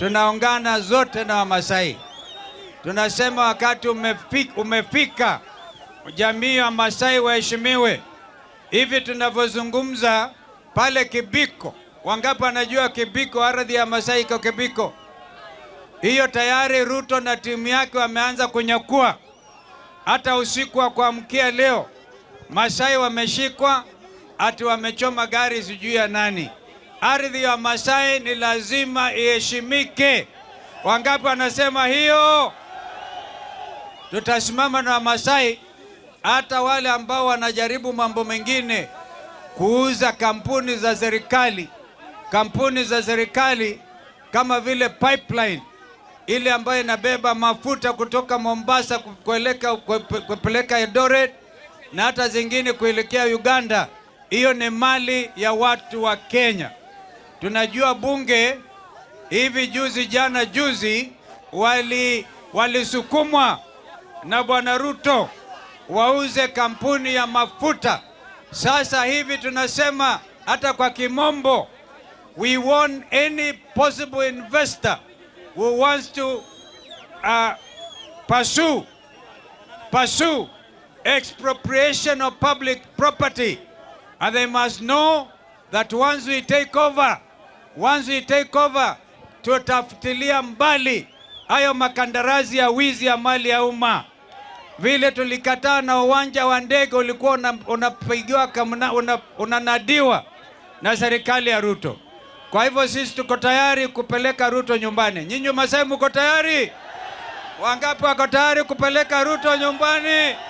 tunaungana zote na Wamasai, tunasema wakati umefika, umefika jamii ya Wamasai waheshimiwe. Hivi tunavyozungumza pale Kibiko, wangapi wanajua Kibiko, ardhi ya Masai iko Kibiko? Hiyo tayari Ruto na timu yake wameanza kunyakua. Hata usiku wa kuamkia leo Masai wameshikwa, ati wamechoma gari sijui ya nani ardhi ya Masai ni lazima iheshimike. Wangapi wanasema hiyo? Tutasimama na Wamasai, hata wale ambao wanajaribu mambo mengine, kuuza kampuni za serikali, kampuni za serikali kama vile pipeline ile ambayo inabeba mafuta kutoka Mombasa kupeleka, kupeleka Eldoret na hata zingine kuelekea Uganda. Hiyo ni mali ya watu wa Kenya. Tunajua bunge hivi juzi jana juzi wali walisukumwa na bwana Ruto wauze kampuni ya mafuta. Sasa hivi tunasema hata kwa kimombo, we want any possible investor who wants to uh, pursue pursue expropriation of public property and they must know that once we take over once we take over, tutafutilia mbali hayo makandarasi ya wizi ya mali ya umma. Vile tulikataa na uwanja wa ndege ulikuwa unapigiwa una unanadiwa una na serikali ya Ruto. Kwa hivyo sisi tuko tayari kupeleka Ruto nyumbani. Nyinyi Masai mko tayari? Wangapi wako tayari kupeleka Ruto nyumbani?